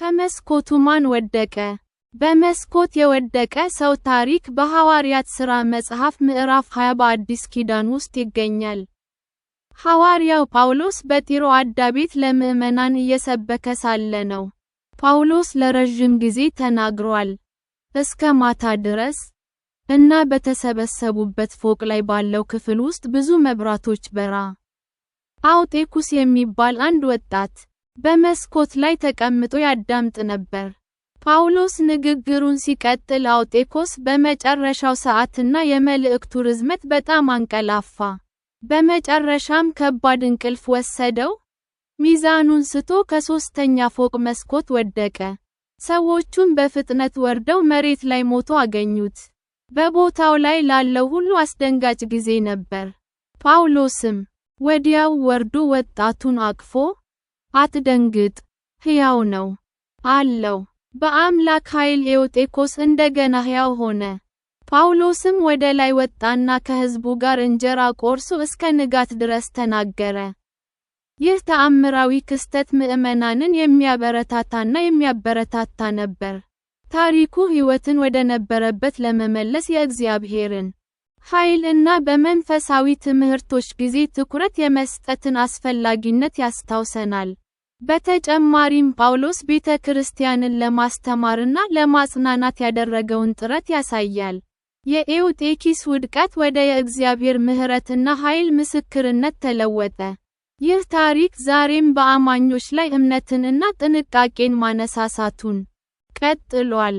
ከመስኮቱ ማን ወደቀ? በመስኮት የወደቀ ሰው ታሪክ በሐዋርያት ሥራ መጽሐፍ ምዕራፍ 20 በአዲስ ኪዳን ውስጥ ይገኛል። ሐዋርያው ጳውሎስ በጢሮአዳ ቤት ለምዕመናን እየሰበከ ሳለ ነው። ጳውሎስ ለረዥም ጊዜ ተናግሯል፣ እስከ ማታ ድረስ፣ እና በተሰበሰቡበት ፎቅ ላይ ባለው ክፍል ውስጥ ብዙ መብራቶች በራ። አውጤኩስ የሚባል አንድ ወጣት በመስኮት ላይ ተቀምጦ ያዳምጥ ነበር። ጳውሎስ ንግግሩን ሲቀጥል አውጤኮስ በመጨረሻው ሰዓትና የመልእክቱ ርዝመት በጣም አንቀላፋ። በመጨረሻም ከባድ እንቅልፍ ወሰደው። ሚዛኑን ስቶ ከሦስተኛ ፎቅ መስኮት ወደቀ። ሰዎቹም በፍጥነት ወርደው መሬት ላይ ሞቶ አገኙት። በቦታው ላይ ላለው ሁሉ አስደንጋጭ ጊዜ ነበር። ጳውሎስም ወዲያው ወርዶ ወጣቱን አቅፎ አትደንግጥ፣ ሕያው ነው አለው። በአምላክ ኃይል ኤዎጤኮስ እንደገና ሕያው ሆነ። ጳውሎስም ወደ ላይ ወጣና ከሕዝቡ ጋር እንጀራ ቆርሶ እስከ ንጋት ድረስ ተናገረ። ይህ ተአምራዊ ክስተት ምዕመናንን የሚያበረታታና የሚያበረታታ ነበር። ታሪኩ ሕይወትን ወደ ነበረበት ለመመለስ የእግዚአብሔርን ኃይል እና በመንፈሳዊ ትምህርቶች ጊዜ ትኩረት የመስጠትን አስፈላጊነት ያስታውሰናል። በተጨማሪም ጳውሎስ ቤተ ክርስቲያንን ለማስተማርና ለማጽናናት ያደረገውን ጥረት ያሳያል። የኤውጤኪስ ውድቀት ወደ የእግዚአብሔር ምሕረትና ኃይል ምስክርነት ተለወጠ። ይህ ታሪክ ዛሬም በአማኞች ላይ እምነትንና ጥንቃቄን ማነሳሳቱን ቀጥሏል።